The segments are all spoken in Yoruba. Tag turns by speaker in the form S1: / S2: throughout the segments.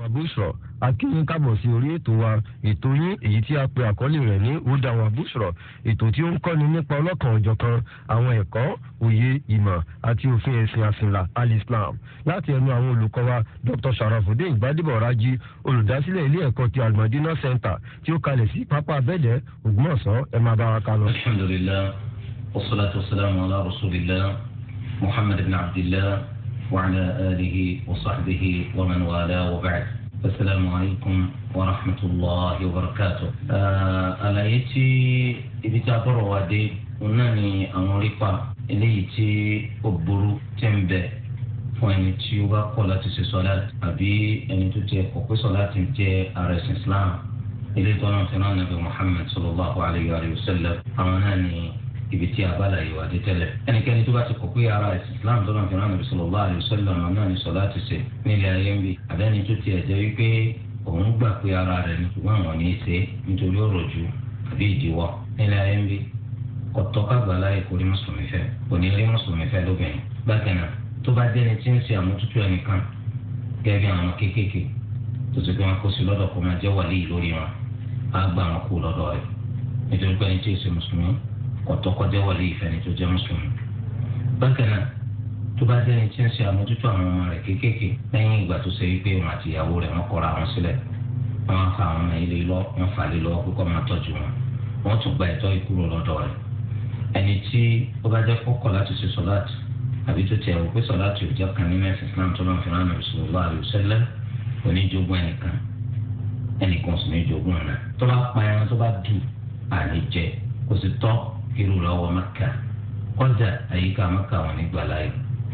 S1: wàbúṣọ akínyìn kábọ̀ sí orí ètò wa ètò yín èyí tí a pè àkọlé rẹ̀ ní huda wàbúṣọ ètò tí ó ń kọ́ni nípa ọlọ́kan ọ̀jọ̀kan àwọn ẹ̀kọ́ òye ìmọ̀ àti òfin ẹ̀sìn àsìnlá alislam láti ẹnu àwọn olùkọ́ wa dr sharafudin gbadebo raji olùdásílẹ̀ ilé ẹ̀kọ́ ti almadina center tí ó kalẹ̀ sí pápá abẹ́dẹ̀ ògbómọ̀ṣọ́ ẹ máa bá wa ká lọ. alhamdulilayi wa salatu wa salamu ala rasulillah muhammad ibn abdillah وعلى آله وصحبه ومن والاه وبعد السلام عليكم ورحمة الله وبركاته àlàyé tí ibi tá a bọ̀rọ̀ wá dé òun náà ni àwọn orípa eléyìí tí ó burú tí ń bẹ fún ẹni tí ó bá kọ̀ láti ṣe sọ́lá àbí ẹni tó ti ẹ̀kọ́ pé sọ́lá ti jẹ́ ààrẹ islam eléyìí tó náà ti náà nàbẹ̀ muhammed sallallahu alayhi wa sallam àwọn náà ni ibi tí abala yìí wà dé tẹ́lẹ̀. ẹnikẹ́ni tó bá ti kọ̀ pé ara islam tó náà fẹ́ràn àbí sọ̀rọ̀ láàrin sọ́lá ọ̀nà náà ni sọ̀lá ti ṣe nílé ayé ń bì. àbẹ́ni tó tiẹ̀ jẹ́ wípé òun gbà pé ara rẹ̀ ni ṣùgbọ́n àwọn ní í ṣe nítorí ọ̀rọ̀ ju àbí ìdíwọ́ nílé ayé ń bì. kọ̀tọ́ kágbàlá èkó rí mùsùlùmí fẹ́ kò ní rí mùsùlùmí fẹ́ lóbìnrin. bákan náà tó bá kọtọkọjẹ wọlé ìfẹni tó jẹ mùsùlùmí bákan náà tó bá jẹ́ni tí ń ṣe àmójútó àwọn ọmọ rẹ̀ kéékèèké lẹ́yìn ìgbà tó ṣe wípé wọn àti ìyàwó rẹ̀ wọ́n kọra wọn sílẹ̀ wọ́n fa àwọn ọmọ ilé lọ wọ́n fà lé lọ kókó máa tọ́jú wọn wọ́n tún gba ìtọ́ ìkúrò lọ́dọ̀ rẹ̀ ẹni tí ó bá jẹ́ kọ́kọ́ láti ṣe sọ́láàtì àbí tó tiẹ̀ pé sọ́láàtì ò kan nínú ẹ̀sìn Islam tó lọ́n fi rán àmì sọ̀rọ̀ láàrin òṣèlè oníjogún ẹnìkan ẹnìkan sì ní ìjogún ọ̀nà tó irú rẹ̀ wọ mẹ́kà kọ́jà àyíká mẹ́kà wọn ní gbàláyé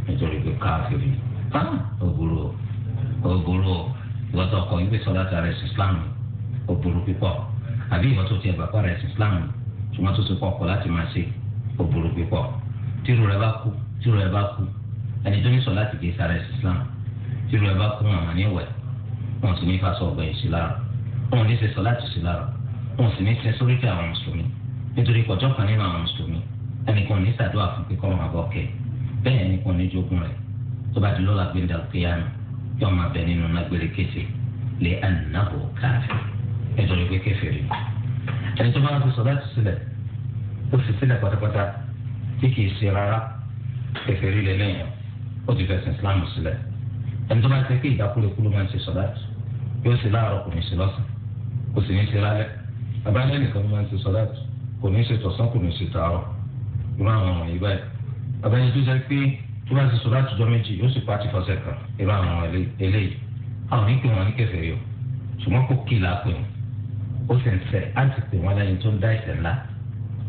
S1: nítorí pé káfíìrì òbúrò òbúrò ìwọ́tọ̀ ọkọ̀ yìí pé sọ́dá ta rẹ̀ sí islam òbúrò pípọ̀ àbí ìwọ́tọ̀ tiẹ̀ bàbá rẹ̀ sí islam ṣùgbọ́n tó ti pọ̀ ọkọ̀ láti máa ṣe òbúrò pípọ̀ tírú rẹ̀ bá kú tírú rẹ̀ bá kú ẹni tó ní sọ láti kí sáré sí islam tírú rẹ̀ bá kú wọn àmà ní ìwẹ̀ wọn sì ní ìfàsọ̀ ọ̀gbẹ̀yìn sí lára wọn ò ní ṣe sọ láti sí lára wọn sì ní ṣe sórí nítorí kọjọ́ kan nínú àwọn mùsùlùmí ẹnìkan ní sàdúrà fún kíkọ́ ọmọ àbọ̀ kẹ bẹ́ẹ̀ ẹnìkan ní jogún rẹ̀ tó bá di lọ́la gbẹ̀ndà kéyàmù kí ọmọ abẹ nínú nágbèrè kéfì lè ànábò káfẹ́ nítorí pé kéfì rí ẹni tó bá ń fi sọ láti sílẹ̀ ó fi sílẹ̀ pátápátá tí kì í ṣe rárá kéfì rí lẹ́lẹ́yìn ó ti fẹsẹ̀ Islam sílẹ̀ ẹni tó bá ti pé ìdákúrekúrú máa ń ṣe sọ̀dá yóò ṣe láàárọ̀ kò ní ṣe lọ́sàn kò sì ní ṣe lálẹ́ àbájáde nìkan ló máa ń ṣe sọ̀dá tó kò ní ṣe tọ̀sán kò ní ṣe tààrọ̀ irú àwọn ọmọ yìí báyìí abẹ́ni tó jẹ́ pé tó bá ti sọ láti jọ méjì yóò sì pàtì fọṣẹ kan irú àwọn ọmọ eléyìí àwọn ní pè wọn ní kèfèrí o ṣùgbọ́n kò kí là pè wọn ó sì ń fẹ́ á ti pè wọn lẹ́ni tó ń dá ìṣẹ̀ ńlá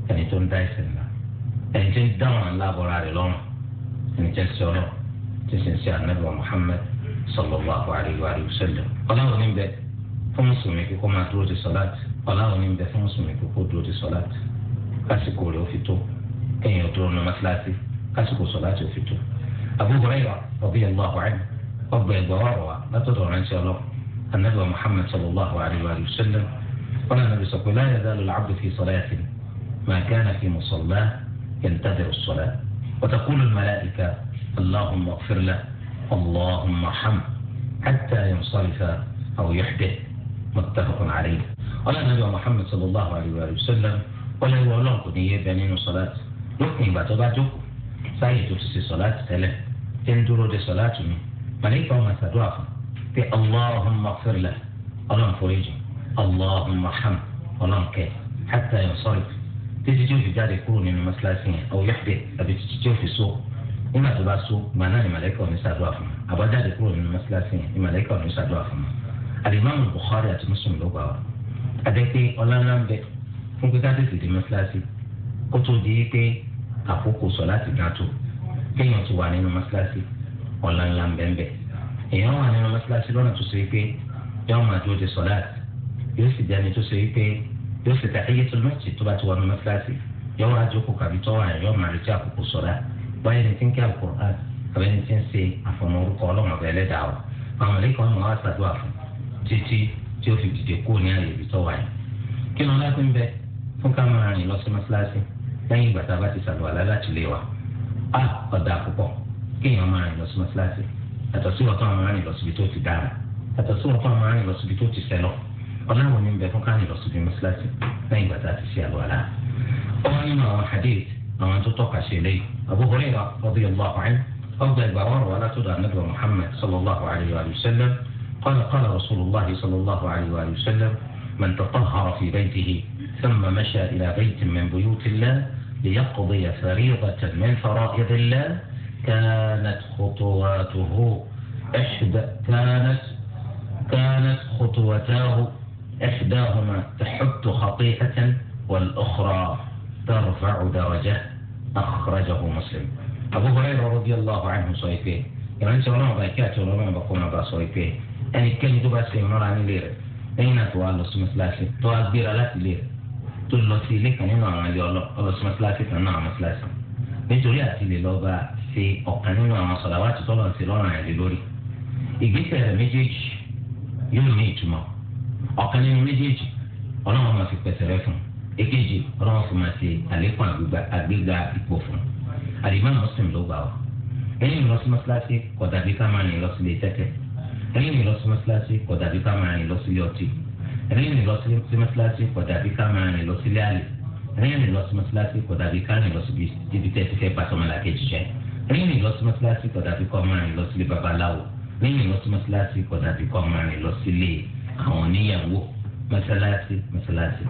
S1: ẹni tó ń dá ìṣẹ̀ ńlá ẹni tó ń dá wọn ńlá bọ́ra rẹ̀ lọ́rùn ẹni tẹ́ sọ náà tí sì ń ṣe ọlọ́run ní bẹ fún mùsùlùmí kókó dúró di sọ́láàtì kásìkò rẹ̀ ó fi tó kéèyàn dúró ní mọ́sálásí kásìkò sọ́láàtì ó fi tó. Abu Hurairah ọ̀bí ẹ̀gbọ́n àwọ̀rẹ́ ọgbà ẹ̀gbọ́n ọ̀rọ̀ wa látọ̀dọ̀ ránṣẹ́ ọlọ́run anabi muhammed sallallahu alayhi wa sallam wọn náà nàbí sọ pé la yazalu al-abdu fi salatihi ma kana fi musallahu yantadhiru as-salata wa taqulu al-mala'ika allahumma ighfir lahu allahumma irhamhu hatta yanṣarifa aw yuhdith muttafaqun alayhi. ọlọ́run nàbí Muhammad sallallahu alayhi wa sallam wọ́n lẹ́yìn ọlọ́run kò ní yé bẹ nínú sọ́láàtì lópin ìgbà tó bá jókòó sáyè tó ti ṣe sọ́láàtì tẹ́lẹ̀ tẹ́ ń dúró de sọ́láàtì mi màlẹ́kà ọmọ àtàdúrà fún pé allahumma firla ọlọ́run foríjì allahumma ham ọlọ́run kẹ hàtà yọ sọ́rì títí tí ó fi jáde kúrò nínú mọ́ṣáláṣí yẹn ọ̀ yẹ́pẹ̀ àbí títí tí ó fi so nígbà tó bá so adẹ́pẹ́ ọ̀lànà ń bẹ fún pé káṣíìsì di mọ́ṣáláṣí kó tó di pé àkókò sọ láti dá tó kéèyàn ti wà nínú mọ́ṣáláṣí ọ̀lànà ń bẹ́ẹ̀ bẹ́ẹ̀ èèyàn wà nínú mọ́ṣáláṣí lọ́nà tó so yìí pé yóò máa dúró de sọ̀láàtì yóò sì dání tó so yìí pé yóò sì ta ẹyẹ tó lọ́ọ̀tì tó bá ti wà nínú mọ́ṣáláṣí yóò wá jókòó kàbí tọ́wọ́ àyè yóò máa retí àkókò sọ̀lá báyìí ni tí ń àbẹ́ni tí ń ṣe àfọmọ́ orúkọ ọlọ́run tí ó fi dìde kúrò ní àyè ibi tó wà yìí kí ló ń láti ń bẹ fún ká máa rìn lọ sí mọ́ṣáláṣí lẹ́yìn ìgbà tá a bá ti ṣàlùwàlá ni n lati n be fun ka maa rin lo si mosilasi leyin igba ta a ba ti saluwala lati le wa a ọ̀dà púpọ̀ ki eeyan máa rìn lọ sí mosilasi yàtọ̀ sí ọ̀tọ̀ awon rìn losibi tó ti dára yàtọ̀ sí ọ̀tọ̀ awon rìn losibi tó ti sẹ́lọ̀ ọ̀làwọn ní ń bẹ fún ká rìn lọ síbi mọ́ṣáláṣí lẹ́yìn ìgbà tá a ti ṣe àlùwàlá ọ̀hún nínú àwọn hadith àwọn tó tọ́ka ṣe lé Abu Hurairah radiyallahu anhu ọgbà ìgbà wọn rọ̀ wá látọ̀dọ̀ anábìyà Muhammad sallallahu alayhi wa sallam قال قال رسول الله صلى الله عليه وآله وسلم من تطهر في بيته ثم مشى إلى بيت من بيوت الله ليقضي فريضة من فرائض الله كانت خطواته إحدى كانت كانت خطوتاه إحداهما تحط خطيئة والأخرى ترفع درجة أخرجه مسلم أبو هريرة رضي الله عنه صيفيه يعني أنت ولما بكاته ولما بقوم بصيفيه ẹnikẹ́ni tó bá ṣe ìmúra nílé rẹ̀ lẹ́yìn náà tó wá lọ sí mọ́ṣáláṣí tó wá gbéra láti ilé rẹ̀ tó lọ sí ilé kan nínú àwọn ilé ọlọ sí mọ́ṣáláṣí kan náà mọ́ṣáláṣí nítorí àti ilé lọ́ba ṣe ọ̀kan nínú àwọn sọ̀làwátì tọ́lọ̀ ṣe lọ́rùn àyè lórí ìgbésẹ̀ rẹ̀ méjèèjì yóò ní ìtumọ̀ ọ̀kan nínú méjèèjì ọlọ́run máa fi pẹ̀sẹ̀ rẹ fún èkejì ọlọ́run fi máa ṣe àlékún àgbéga ẹlẹ́yìn lọ sí mọ́ṣáláṣí kọ̀dà bí ká máa rìn lọ sílé ọtí ẹlẹ́yìn lọ sí mọ́ṣáláṣí kọ̀dà bí ká máa rìn lọ sílé àlè ẹlẹ́yìn lọ sí mọ́ṣáláṣí kọ̀dà bí ká rìn lọ síbi ibi tẹ́ ti fẹ́ bá sọmọlá kejì jẹ́ ẹlẹ́yìn lọ sí mọ́ṣáláṣí kọ̀dà bí kọ́ máa rìn lọ sílé babaláwo ẹlẹ́yìn lọ sí mọ́ṣáláṣí kọ̀dà bí kọ́ máa rìn lọ sílé àwọn oníyàwó mọ́ṣáláṣí mọ́ṣáláṣí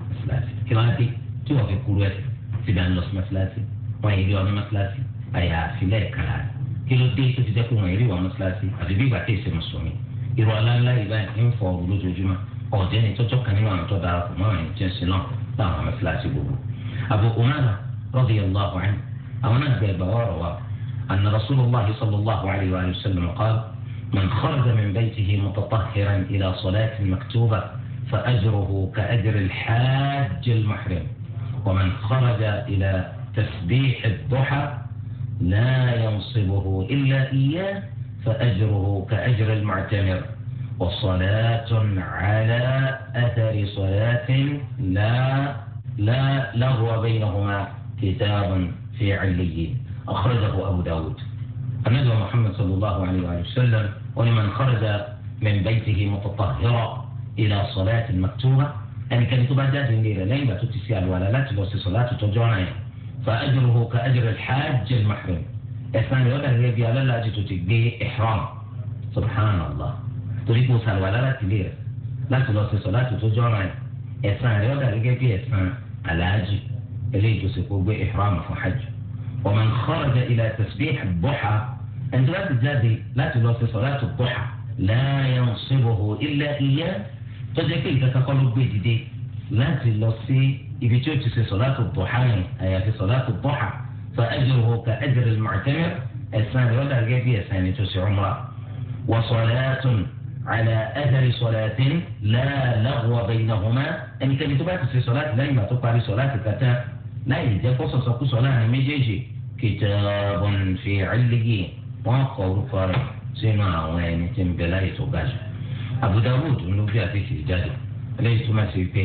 S1: mọ́ṣáláṣí kí wọ́n á irú aláǹlá yìí báyìí ń fọ ọ̀rọ̀ lójoojúmọ́ ọ̀jẹ́ ni tọ́jọ́ kan nínú àwọn tó dára kù mọ́ àwọn ẹni tí náà láwọn ọmọ fúláṣí gbogbo. Abu Umama radiyallahu anhu àwọn náà gbẹ ẹgbàá ọ̀rọ̀ wa anna rasulullah sallallahu alayhi wa sallam qala man kharaja min baytihi mutatahhiran ila salatin maktuba fa ajruhu ka ajri al-hajj al-muhrim wa man kharaja ila tasbih ad-duha la yansibuhu illa فأجره كأجر المعتمر وصلاة على أثر صلاة لا لا لغو بينهما كتاب في عليين أخرجه أبو داود النبي محمد صلى الله عليه وآله وسلم ولمن خرج من بيته متطهرا إلى صلاة مكتوبة أن يعني كان تبع جاد الليلة لين تتسيال ولا لا تبصي صلاة تجوعنا فأجره كأجر الحاج المحرم ẹ̀sán rẹ̀ ọ̀dà gẹ́gẹ́ bí alálàájì tó ti gbé ihram subhanallah torí kò sàlùwàlá láti lè rẹ̀ láti lọ sí sọ láti tó jọ́ra ẹ̀ ẹ̀sán rẹ̀ ọ̀dà gẹ́gẹ́ bí ẹ̀sán aláàjì eléyìí tó sì kó gbé ihram fún hajj wa man kharaja ila tasbih ad-duha ẹ̀ńtí láti jáde láti lọ sí sọ láti duha la yansibuhu illa iyyah tó jẹ́ pé ìkẹ́kẹ́ kọ́ ló gbé dìde láti lọ sí ibi tí ó ti sọ láti duha yẹn àyàfi sọ láti duha فأجره كأجر المعتمر الثاني ولا الجدي الثاني تسع عمره وصلاة على أثر صلاة لا لغو بينهما أن كان تبات في صلاة لا ما في صلاة كتا لا يجب قصص صلاة مجيجي كتاب في علقي وقول فارغ سمع وين تنبلا يتوباش أبو داود من fi في jáde ليس ما سيبه pé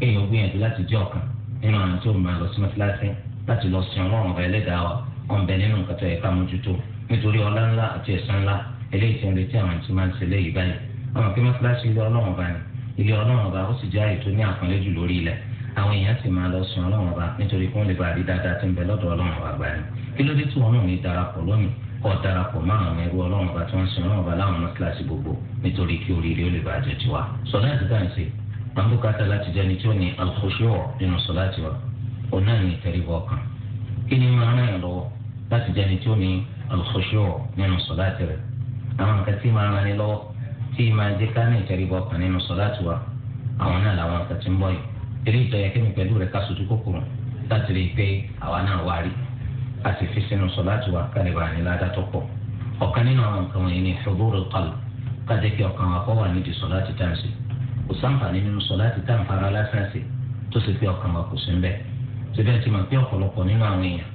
S1: kéèyàn gbìyànjú جوكا إنه ọ̀kan nínú àwọn tó láti lọ sin ọlọ́run ọba ẹlẹ́dàá wa wọn bẹ nínú nǹkan tó yẹ ká mójútó nítorí ọlá ńlá àti ẹ̀san ńlá eléyìí tí ń retí àwọn tí máa ń ṣe léyìí báyìí àwọn kí mọ́sálásí ilé ọlọ́run ọba ni ilé ọlọ́run ọba ó sì jẹ́ àyè tó ní àpọ́nlé jù lórí ilẹ̀ àwọn èèyàn sì máa lọ sin ọlọ́run ọba nítorí kí wọ́n lè bá àdí dáadáa tí ń bẹ lọ́dọ̀ ọlọ́run ọba gbà ni kí ló dé tí wọn náà ní darapọ̀ lónìí kọ́ darapọ̀ mọ́ àwọn ẹrú ọlọ́run ọba tí wọ́n sin ọlọ́run ọba láwọn mọ́sálásí gbogbo nítorí kí oríire ó lè bàjẹ́ tiwa sọ̀dá àti dáǹsì àbúkátà láti jẹ́ni tí ó ní alkhushu' nínú sọ̀dá tiwa òun náà ní ìtẹríbọ ọkàn kí ni máa ràn yàn lọ́wọ́ láti jẹni tí ó ní al-khushu' nínú sọ̀láàtì rẹ̀ àwọn nǹkan tí máa ràn ní lọ́wọ́ tí máa jẹ́ ká ní ìtẹríbọ ọkàn nínú sọ̀láàtì wa àwọn náà làwọn nǹkan tí ń bọ̀ yìí eré ìtọ́yà kí mi pẹ̀lú rẹ̀ ká sojú kòkòrò láti rí i pé àwa náà wá rí a sì fi sínú sọ̀láàtì wa ká lè bá ní ládàá pọ̀ ọ̀kan nínú àwọn nǹkan wọ̀nyí ni hudurul qalb ká jẹ́ kí ọkàn wa kọ́ wà nídìí sọ̀láàtì tá kò sáǹfààní nínú sọ̀láàtì tá à lásán ṣe tó sì pé ọkàn wa kò sí ń bẹ́ẹ̀ síbẹ̀ tí mo pé ọ̀pọ̀lọpọ̀ nínú àwọn èèyàn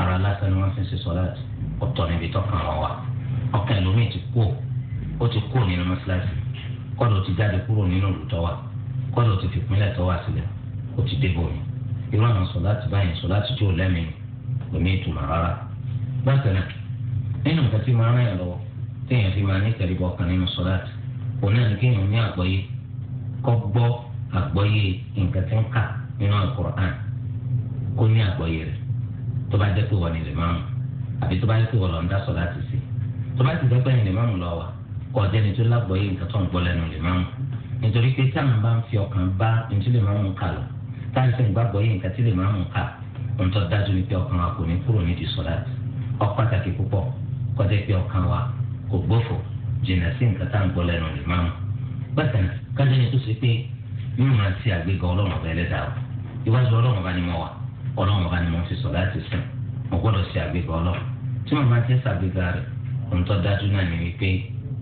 S1: ara lásán ni wọ́n fi ṣe sọ́láàtì ọ̀tọ̀ níbi tọkàn wọn wà ọkàn ẹlòmíì ti kú ó ti kú nínú mọ́ṣáláṣí kọ́dọ̀ ti jáde kúrò nínú olùtọ́ wa kọ́dọ̀ ti fìpínlẹ̀ tọ́ wa sílẹ̀ ó ti dé bòmí irú àwọn sọ́láàtì báyìí sọ́láàtì tí ò lẹ́mìí kò ní ìtumọ̀ rárá bákan náà nínú nǹkan tí máa ń ràn yàn lọ́wọ́ téèyàn fi máa ní tẹ̀lébọ̀ kan nínú sọ́láàtì òun náà ni kéèyàn ní àgbọ́yé kọ́ gbọ́ àgbọ́yé nǹkan tí ń kà nínú Al-Qur'an kó ní àgbọ́yé rẹ̀ tó bá jẹ́ pé wọ́n ní lè máa mú àbí tó bá jẹ́ pé wọ́n lọ ń dá sọ láti sí tó bá ti dẹ́gbẹ́ yìí lè máa mú lọ wà kó ọjọ́ ni tó lágbọ́yé nǹkan tó ń gbọ́ lẹ́nu lè máa mú nítorí pé tá à bá ń fi ọkàn bá ntí lè máa mú ká lọ tá à ń sẹ́yìn gbàgbọ́ nǹkan tí lè máa mú ká ohun tó dájú ni pé ọkàn wa kò ní kúrò nídìí sọ láti ọ pàtàkì púpọ̀ kọjá pé ọkàn wa kò gbófò jìnnà sí nǹkan tá à ń gbọ́ lẹ́nu lè máa mú bákan kájọ́ ni tó ṣe pé yóò máa ti àgbéga ọlọ́run ọba ẹlẹ́dàá ìwájú ọlọ́run ọba ni mo wà ọlọ́run bá ní mo fi sọ láti sìn mo gbọ́dọ̀ ṣe àgbéga ọlọ́run tí mo máa ti ṣàgbéga rẹ̀ ohun tó dájú náà ni wípé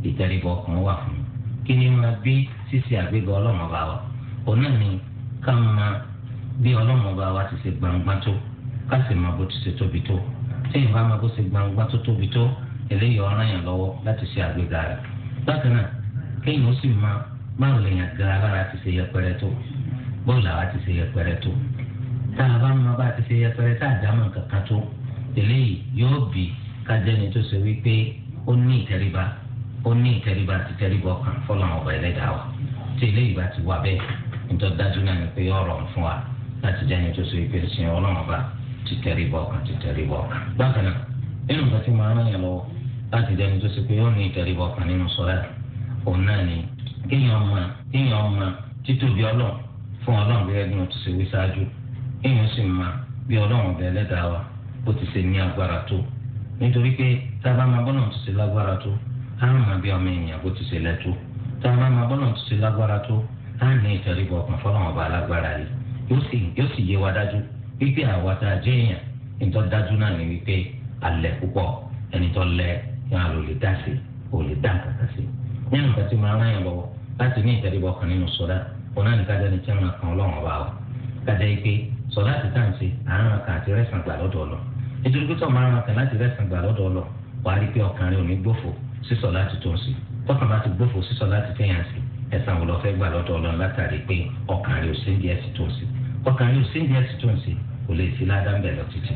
S1: ìtẹríba ọkàn wà fún mi kí ni máa bí ṣíṣe àgbéga ọlọ́run bá wa òun náà ni ká máa bí ọlọ́run bá wa ti ṣe gbangba tó ká sì máa bó ti ṣe tóbi tó tí ìwà máa bó ṣe gbangba tó tóbi tó eléyìí ọ̀ràn yẹn lọ́wọ́ láti ṣe àgbéga rẹ̀ bákan náà kéèyàn ó sì máa báwo lèèyàn gara lára ṣe yẹpẹrẹ tó bóòlù àwa ti ṣe yẹpẹrẹ tó tá a bá mọ bá ti ṣe yẹpẹrẹ tá a dá mọ kankan tó eléyìí yóò bì kájẹni tó ṣe wípé ó ní ìtẹríba ó ní ìtẹríba àti ìtẹríba ọkàn fọlọ́n ọba ẹlẹ́dàá wa tí eléyìí bá ti wà bẹ́ẹ̀ nítorí dájú náà ni pé ọ̀rọ̀ ń fún wa láti jẹ́ni tó ṣe wípé ṣe ọlọ́run ọba ti tẹríba ọkàn ti tẹríba ọkàn. bákan náà nínú nǹkan tí mo rán yẹn lọ́wọ́ láti jẹ́ni tó ṣe pé ó ní ìtẹríba ọkàn nínú sọ́lá òun náà ni kéèyàn mọ kéèyàn mọ títóbi ọlọ́run fún ọlọ́run bí ẹgbẹ́ tó ṣe wí ṣáájú èèyàn sì máa bí ọlọ́run ọ̀bẹ ẹlẹ́dàá wa bó ti ṣe ní agbára tó nítorí pé tábà máa bọ́lọ̀ ti ṣe lágbára tó á máa bí ọmọ èèyàn bó ti ṣe lẹ́tó tábà máa bọ́lọ̀ ti ṣe lágbára tó á ní ìtẹríba ọkàn fọlọ́run ọba alágbára rẹ̀ yóò sì yé wa dájú wípé àwa tá a jẹ́ èèyàn nítorí dájú náà ni wípé alẹ́ púpọ̀ ẹni tó lẹ yóò lò lè dá sí ò lè láti ní ìtẹríba ọkàn nínú sọ́dá òun náà ní tí wọ́n máa kan ọlọ́run ọba wa kájá yìí pé sọ láti dáǹsì àrùn ọkàn àti rẹ́sàn gbà lọ́dọ̀ ọlọ nítorí pé tọ́mọ àrùn ọkàn láti rẹ́sàn gbà lọ́dọ̀ ọlọ wàá rí pé ọkàn rẹ ò ní gbófò sísọ láti tó ń sí tọkàn bá ti gbófò sísọ láti tẹ̀yàn sí ẹ̀sán wò lọ fẹ́ gbà lọ́dọ̀ ọlọ látàrí pé ọkàn rẹ ò sí ní ẹ̀sìn tó ń sí ọkàn rẹ ò sí ní ẹ̀sìn tó ń sí kò lè sí ládàá bẹ̀ lọ títí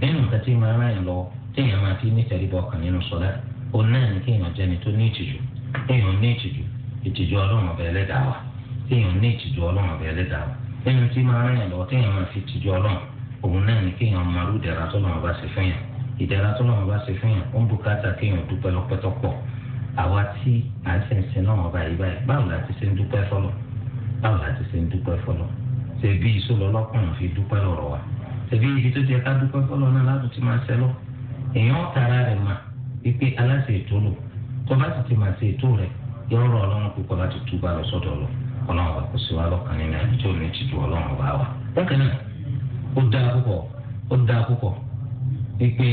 S1: nínú nǹkan tí máa ráyàn lọ téèyàn máa fi ní tẹríba ọkàn nínú sọlá òun náà ni kéèyàn jẹni tó ẹni tí máa rìn lọ kéèyàn máa fi tìjú ọlọ́run òun náà ni kéèyàn máa rú ìdára tó lọ́wọ́ bá ṣe fún yàn ìdára tó lọ́wọ́ bá ṣe fún yàn ó ń bùkátà kéèyàn dúpẹ́ lọ́pẹ́tọ́ pọ̀ àwa tí à ń sẹ̀nsẹ̀ náà wọ́n báyìí báyìí báwo la ti ṣe ń dúpẹ́ fọlọ́ báwo la ti ṣe ń dúpẹ́ fọlọ́ ṣe bí ìṣòro ọlọ́kùnrin fi dúpẹ́ lọ́rọ̀ wa ṣe bí ibi tó ti ká dúpẹ́ fọlọ́ náà láti ti máa ṣẹlọ́ èèyàn tara rẹ̀ mà wípé aláṣẹ ètò lò tó bá ti ti máa ṣe ètò rẹ̀ yọ ọ̀rọ̀ ọlọ́run púpọ̀ láti túbà lọ sọ́dọ̀ lọ ọlọ́run bá kó sí wa lọ́kàn nínú ẹni tí ò ní tìjú ọlọ́run bá wa. bákan náà ó dáa púpọ̀ ó dáa púpọ̀ wípé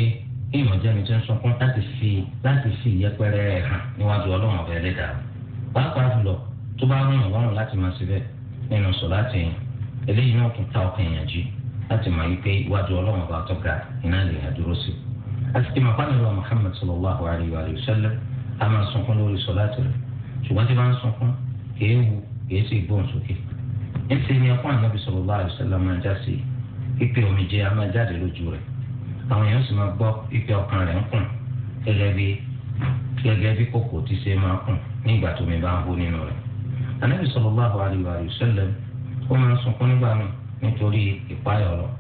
S1: èèyàn jẹ́ni tó ń sọkún láti fi láti fi ìyẹpẹrẹ rẹ̀ hàn níwájú ọlọ́run ọ̀bẹ ẹlẹ́dàá pàápàá jùlọ tó bá rún ọlọ́run láti máa ṣe bẹ́ẹ̀ nínú sọ láti yìn eléyìí náà tún ta ọkàn èèyàn jí láti máa wípé iwájú ọlọ́run ọba tó ga iná lè yà dúró Muhammad sallallahu alayhi wa sallam a máa sunkún lórí sọ láti rẹ̀ ṣùgbọ́n tí bá ń kì í sì gbóhùn sókè ńṣe ni ẹkún ànábì sallallahu alaihi wasallam máa já sí pípé omijé a máa jáde lójú rẹ̀ àwọn èèyàn sì máa gbọ́ pípé ọkàn rẹ̀ ń kùn gẹ́gẹ́ bí gẹ́gẹ́ bí kòkò tí ṣe máa kùn nígbà tó mi bá ń bó nínú rẹ̀ ànábì sallallahu alaihi wasallam ó máa ń sunkún nígbà mi nítorí ìpáyà ọ̀rọ̀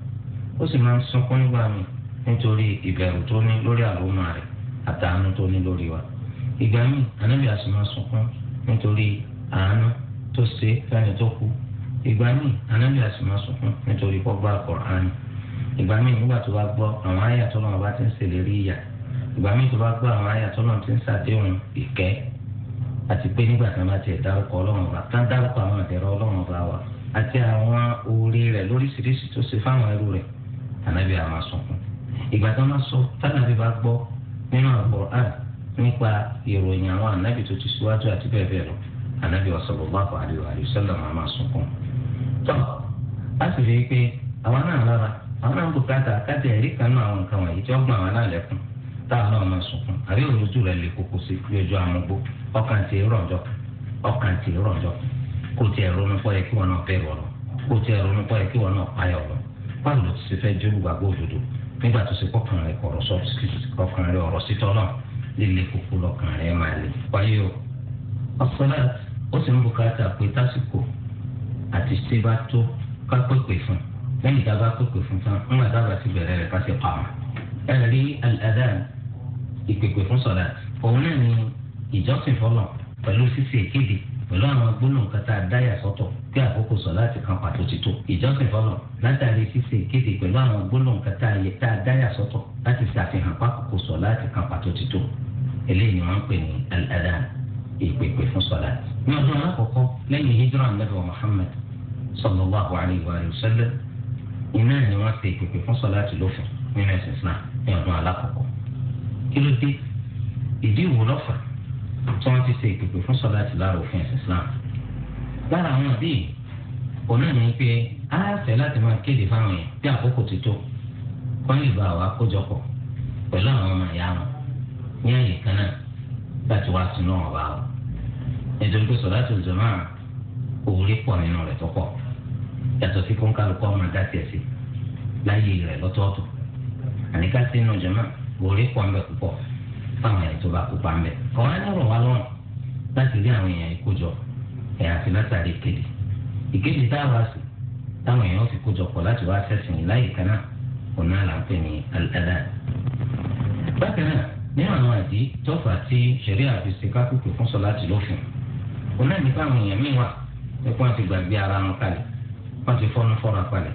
S1: ó sì máa ń sunkún nígbà mi nítorí ìbẹ̀rù tó ní lórí àlómà rẹ̀ àtàánú tó ní lórí wa ìgbà míì ànábì á sì máa sunkún nítorí àánú tó ṣe fẹ́ni tó kú ìgbà míì anábì àsìmọ́ sunkún nítorí kó gbọ́ àkọ́ránì ìgbà míì nígbà tó bá gbọ́ àwọn àyà tó lọ́wọ́ bá ti ń ṣèlérí ìyà ìgbà míì tó bá gbọ́ àwọn àyà tó lọ́wọ́ ti ń ṣàdéhùn ìkẹ́ àti pé nígbà tí wọn bá tiẹ̀ dárúkọ ọlọ́run ọba tá ń dárúkọ àwọn ìdẹ̀rọ ọlọ́run ọba wa àti àwọn oore rẹ̀ lóríṣiríṣi tó ṣe fáwọn ẹrú rẹ̀ ànábì àwọn sunkún ìgbà tí wọn bá sọ tánàbí bá gbọ́ nínú àkọ́ránì nípa ìròyìn àwọn ànábì tó ti síwájú àti bẹ́ẹ̀ bẹ́ẹ̀ lọ anabi sallallahu alayhi wa sallam a máa sunkún. tọ́ a sì rí i pé àwa náà lára àwọn náà ń bùkátà káàdì ẹ̀rí kan náà àwọn nǹkan wọ̀nyí tí wọ́n gbọ́n àwọn náà lẹ́kùn táwọn náà máa àbí rẹ̀ lè sí ọkàn ti rọ̀jọ́ ọkàn ti rọ̀jọ́ kó tiẹ̀ ronú pọ́ yẹ kí wọn náà bẹ̀rù ọ̀rọ̀ kó tiẹ̀ ronú yẹ kí náà ó sì ń bùkátà pé tásìkò àti ṣé bá tó ká pèpè fún lẹ́yìn tá a bá pèpè fún tán ńgbà tá a bá ti bẹ̀rẹ̀ rẹ̀ ká ti pa wọn. ẹ rí al-adhan ìpèpè fún sọ̀lá òun náà ni ìjọsìn fọlọ̀ pẹ̀lú ṣíṣe ìkéde pẹ̀lú àwọn gbólóhùn kan tá a dáyà sọ́tọ̀ pé àkókò sọ láti kan pàtó ti tó. ìjọsìn fọlọ̀ látàrí ṣíṣe ìkéde pẹ̀lú àwọn gbólóhùn kan tá láti ṣàfihàn pákòkò sọ láti kan pàtó ti tó. eléyìí ní uh-huh. ọdún alákọ̀ọ́kọ́ lẹ́yìn hijra nabi muhammed sallallahu alayhi wa sallam iná ni wọ́n ti pèpè fún sọ́láàtì lófin nínú ẹ̀sìn islam ní ọdún alákọ̀ọ́kọ́ kí ló dé ìdí ìwò lọ́fà tí wọ́n ti ṣe ìpèpè fún sọ́láàtì lára òfin ẹ̀sìn islam lára àwọn àbí òun ní pé a fẹ́ láti máa kéde fáwọn yẹn bí àkókò ti tó wọ́n lè bá wa kójọpọ̀ pẹ̀lú àwọn ọmọ ìyá wọn ní àyè kan náà láti wá sínú ọ̀bá nítorí pé sọlá tó jọmọ òwúrí pọ̀ nínú rẹ̀ tó pọ̀ yàtọ̀ sí kó ń kálukọ ọmọ dá tiẹ̀ sí láyé rẹ̀ lọ́tọ̀ọ̀tọ̀ àníká sí inú jọmọ òwúrí pọ̀ ńbẹ púpọ̀ fáwọn èèyàn tó bá kópa ńbẹ kọwọn ẹni rọ wá lọ́rùn láti rí àwọn èèyàn ìkójọ ẹyà àti látàrí ìkéde ìkéde táwa sí táwọn èèyàn fi kójọpọ̀ láti wá sẹ́sìn láyé kan náà òun náà là ń pè ní alẹ́dá bákan náà ní àwọn àdí tọ́fà tí sẹ̀ríà fi ṣe kákùkù fún sọlá tìlófin òun náà nípa àwọn èèyàn míì wà nípa wọn ti gbàgbé ara wọn kalẹ̀ wọn ti fọ́nú fọ́ra kalẹ̀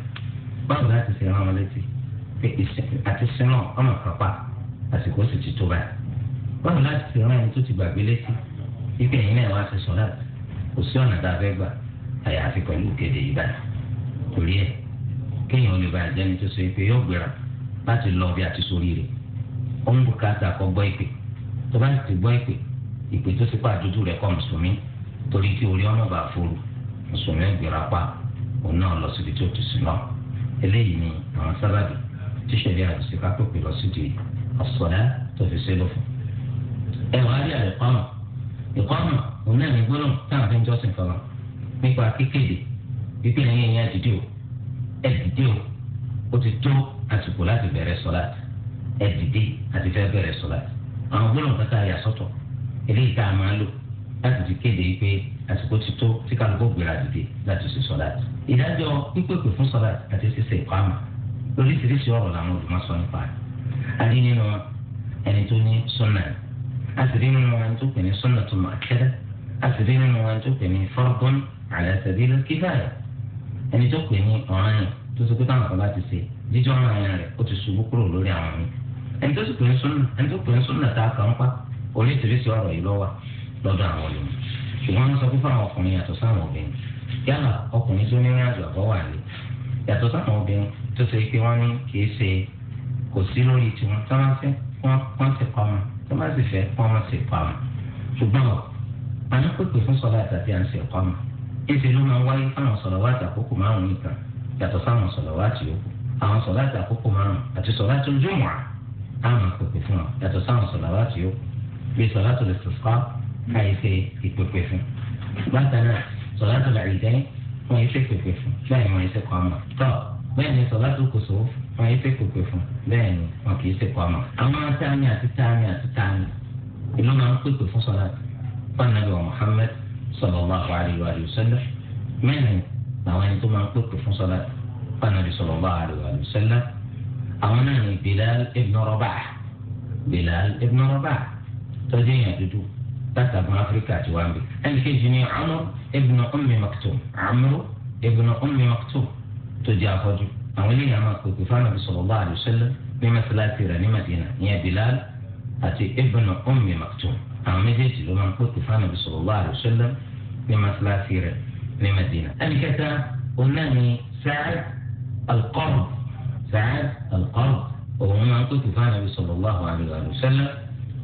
S1: báwo láti ṣe rán wọn létí pé àti sinú ọmọ kápá àsìkò sì ti tó báyìí báwo láti ṣe rán ẹni tó ti gbàgbé létí ibi ẹ̀yin náà wá ti sọ láti kò sí ọ̀nà tá a fẹ́ gbà àyàfi pẹ̀lú kéde yìí báyìí torí ẹ̀ kéèyàn olè bá jẹ́ni tó so ipe yóò gbéra láti lọ bí àti sórí rẹ̀ ó ń bùkátà kọ́ gbọ́ ìpè tó bá ti gbọ́ ìpè ìpè tó ti pa àdúdú rẹ̀ kọ́ mùsùlùmí torí kí orí ọmọ bá fòrò mùsùlùmí gbéra pa òun náà lọ síbi tó tù sí náà eléyìí ni àwọn sábàbí tí sẹ̀rí àdùsí ká pèpè lọ síbi ọ̀sọ̀dá tó fi ṣe lọ fún. ẹ wàá rí àlẹ́ pamọ́ ìpamọ́ òun náà ní gbólóhùn táwọn fi ń jọ́sìn fọlọ́ nípa kékeré wípé ẹ̀yin ẹ̀yin àdìdí o ẹ̀ o ó ti tó àsìkò láti bẹ̀rẹ̀ sọ́lá ẹ̀ àti fẹ́ bẹ̀rẹ̀ sọ́lá àwọn gbólóhùn kẹta láti fi kéde pé àsìkò ti tó tí kálukú gbéra dìde láti ṣe sọ́láàtì. ìdájọ́ pípèpè fún sọ́láàtì àti ṣíṣe ìpamọ́ oríṣiríṣi ọ̀rọ̀ làwọn olùmọ̀ sọ nípa rẹ̀. a rí nínú ẹni tó ní sọ́nà a sì rí nínú ẹni tó pè ní sọ́nà tó máa kẹ́rẹ́ a sì rí nínú ẹni tó pè ní fọ́rọ́gọ́n àlẹ́sẹ̀dé kíbáyà ẹni tó pè ní ọ̀ranyàn tó ti pé táwọn kan bá ti ṣe jíjọ́ ọ̀ranyàn rẹ̀ ó ti lọ́dọ̀ àwọn olùmọ̀ ṣùgbọ́n wọ́n sọ fún àwọn ọkùnrin yàtọ̀ sáwọn obìnrin yálà ọkùnrin tó ní ìrìnàjò àbọ̀ wà lé yàtọ̀ sáwọn obìnrin tó ṣe pé wọ́n ní kìí ṣe kò sí lórí tiwọn tó máa ń fẹ́ wọ́n ti pa wọn tó máa sì fẹ́ wọ́n máa sì pa wọn ṣùgbọ́n ànápèpè fún sọlá àtàtì à ń ṣe èsì ló máa ń wáyé fáwọn sọ̀rọ̀ wá àtàkókò márùn nìkan yàtọ̀ sáwọn sọ̀rọ̀ wá àtìyókù àwọn sọ̀rọ̀ àtàkókò márùn-ún àti sọ̀rọ̀ àtòjúmọ̀ àwọn àpèpè fún wọn yàtọ̀ sáwọn sọ̀rọ̀ wá àtìyókù bíi sọ̀rọ̀ àtòlẹ̀sọ̀fà àìsè ìpèpè fún bákan náà sọlá tó làrí jẹ wọn yìí ṣe pèpè fún bẹ́ẹ̀ ni wọn yìí ṣe kọ ọmọ tọ bẹ́ẹ̀ ni sọlá tó kòsó wọn yìí ṣe pèpè fún bẹ́ẹ̀ ni wọn kì í ṣe kọ ọmọ. àwọn tání àti tání àti tání ìlú máa ń pèpè fún sọlá fanabi wa Muhammad sallallahu alayhi wa sallam mẹ́rin làwọn ẹni tó máa ń pèpè fún sọlá fanabi sallallahu alayhi wa sallam àwọn náà ni Bilal ibn Rabah Bilal ibn Rabah tọ́jú èèyàn dúdú بس ابن افريكا جوانبي الكي جني عمر ابن ام مكتوم عمرو ابن ام مكتوم تجا فوجو اولي اما كوكي فانا صلى الله عليه وسلم بمثل اثير ان مدينه يا بلال اتي ابن ام مكتوم اولي جيت لما كوكي فانا صلى الله عليه وسلم بمثل اثير ان مدينه الكتا انني سعد القرض سعد القرض وهو ما كوكي فانا صلى الله عليه وسلم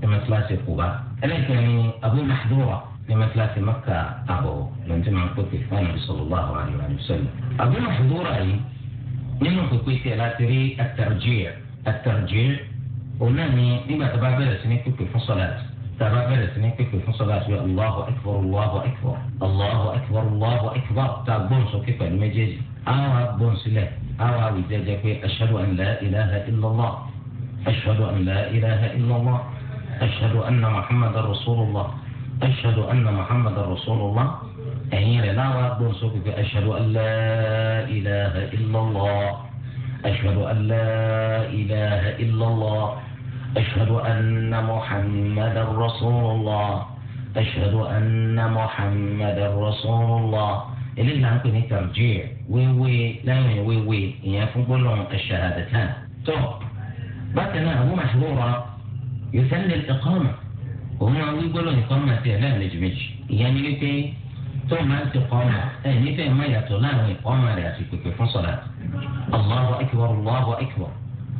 S1: لمثلاث قباء أنا كنت أبو محذورة لمثلاث مكة أبو من جمع قلت الثاني صلى الله عليه وسلم أبو محذورة لي من قلت لا تري الترجيع الترجيع ونمي لما تبابل سنين كنت الفصلات تبابل سنين كنت الفصلات يا الله أكبر الله أكبر الله أكبر الله أكبر تابون كيف المجيز أرى آه، بونس له أرى وجاجك أشهد أن لا إله إلا الله أشهد أن لا إله إلا الله أشهد أن محمد رسول الله أشهد أن محمد رسول الله هي rẹ̀ náà wàá أشهد أن لا إله إلا الله أشهد أن لا إله إلا الله أشهد أن محمد رسول الله أشهد أن محمد رسول الله إلي là ń وي وي tàbí وي وي يعني ìyẹn لهم gbólóhùn تو àdẹ̀tàn tó bákan náà يسن الإقامة وهم يقولوا إقامة فعلا نجمش يعني يتي ثم إقامة إيه، يعني في ما يطلع إقامة رأسي كيف صلاة الله أكبر الله أكبر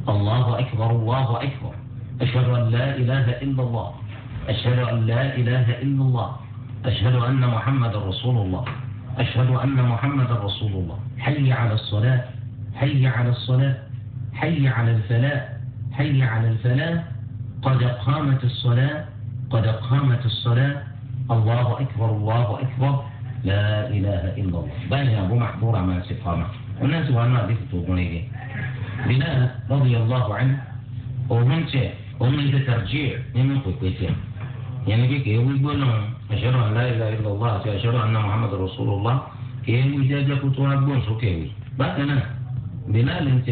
S1: الله أكبر الله أكبر أشهد أن لا إله إلا الله أشهد أن لا إله إلا الله أشهد أن محمد رسول الله أشهد أن محمد رسول الله حي على الصلاة حي على الصلاة حي على الفلاح حي على الفلاح قد قامت الصلاة قد قامت الصلاة الله أكبر الله أكبر لا إله إلا الله بل أبو محبور عما سفهما والناس وانا ضيف بنيه بلال رضي الله عنه ومن تي ومن ترجيع من قوتي يعني بيك يقولون أشهر أن لا إله إلا الله أشهر أن محمد رسول الله كي يجاجة كتوا بون سكيوي بأنا بلال انت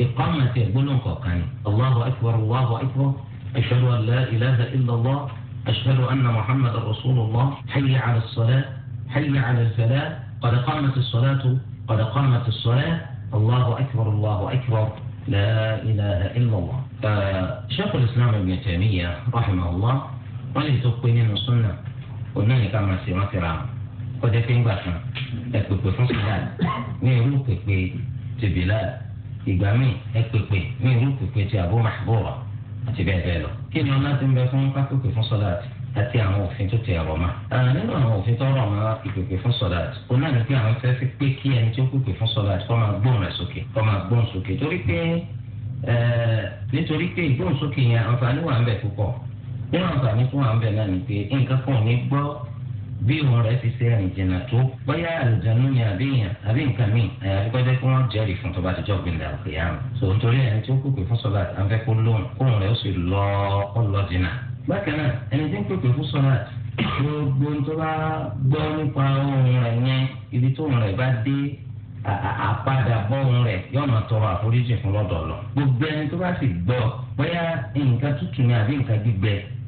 S1: إقامة بلون قوقاني الله أكبر الله أكبر أشهد أن لا إله إلا الله أشهد أن محمد رسول الله حي على الصلاة حي على الفلاة قد قامت الصلاة قد قامت الصلاة الله أكبر الله أكبر لا إله إلا الله آه، شيخ الإسلام ابن تيمية رحمه الله wọ́n lè من pé nínú súnà òun náà ní ká máa ṣe wọ́n ti ra wọn kọjá pé ńgbà kan ẹ pèpè fún Bilal ní irú pèpè àti bẹ́ẹ̀ bẹ́ẹ̀ lọ kí ni ọlá ti ń bẹ fún pápákọ̀ fún sọ́láàtì àti àwọn òfin tó ti ọ̀rọ̀ ma. nínú àwọn òfin tó rọ̀ mọ́ ìpèpè fún sọ̀láàtì ó náà ní pé àwọn fẹ́ fi pé kí ẹni tó pèpè fún sọ̀láàtì kó máa gbóhùn rẹ̀ sókè kó máa gbóhùn sókè torí pé nítorí pé ìgbóhùn sókè yẹn àǹfààní wà ń bẹ púpọ̀ nínú àǹfààní tó wà ń bẹ náà ni pé nǹkan kan ò ní gbọ́ bí ìwọ̀n rẹ̀ ti ṣe rìn jìnnà tó bóyá àlùjànnú ni àbí èèyàn àbí nǹkan míì àyàfi kọjá kí wọ́n jẹ́rìí fún tọ́ba àtijọ́ gbẹ̀ndà àkèyàmù. sọ nítorí ẹni tí ó kúkú fún sọlá àfẹ́ kó lóhùn kóhùn rẹ̀ ó sì lọ ó lọ jìnnà. bákan náà ẹni tí ń kúkú fún sọlá gbogbo tó bá gbọ́ nípa ohun rẹ̀ yẹn ibi tó ohun rẹ̀ bá dé àpadà bọ́ọ̀hún rẹ̀ yọ̀nà tọrọ àforíjì fún lọ́dọọlọ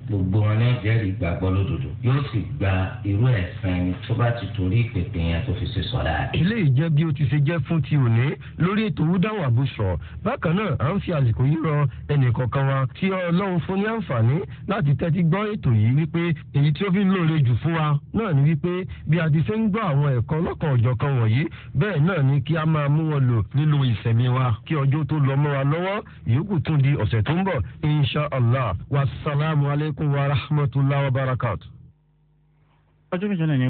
S1: gbogbo wọn náà jẹ́rìí gbàgbọ́ lódodo yóò sì gba irú ẹ̀sìn ẹni tó bá ti torí ìpèpè yẹn tó fi ṣe sọ̀rọ̀ àdé. ilé ìjẹ́ bí o ti ṣe jẹ́ fún ti òní lórí ètò wúdáwọ̀ àbúṣọ bákan náà à ń fi àsìkò yìí rọ ẹnìkọ̀ọ̀kan wa tí ọlọ́run fún ní àǹfààní láti tẹ́tí gbọ́ ètò yìí wípé èyí tí ó fi lóore jù fún wa náà ni wípé bí a ti ṣe ń gbọ́ àwọn ẹ̀kọ́ lọ́kàn ọ̀jọ̀kan wọ̀nyí عليكم ورحمة الله وبركاته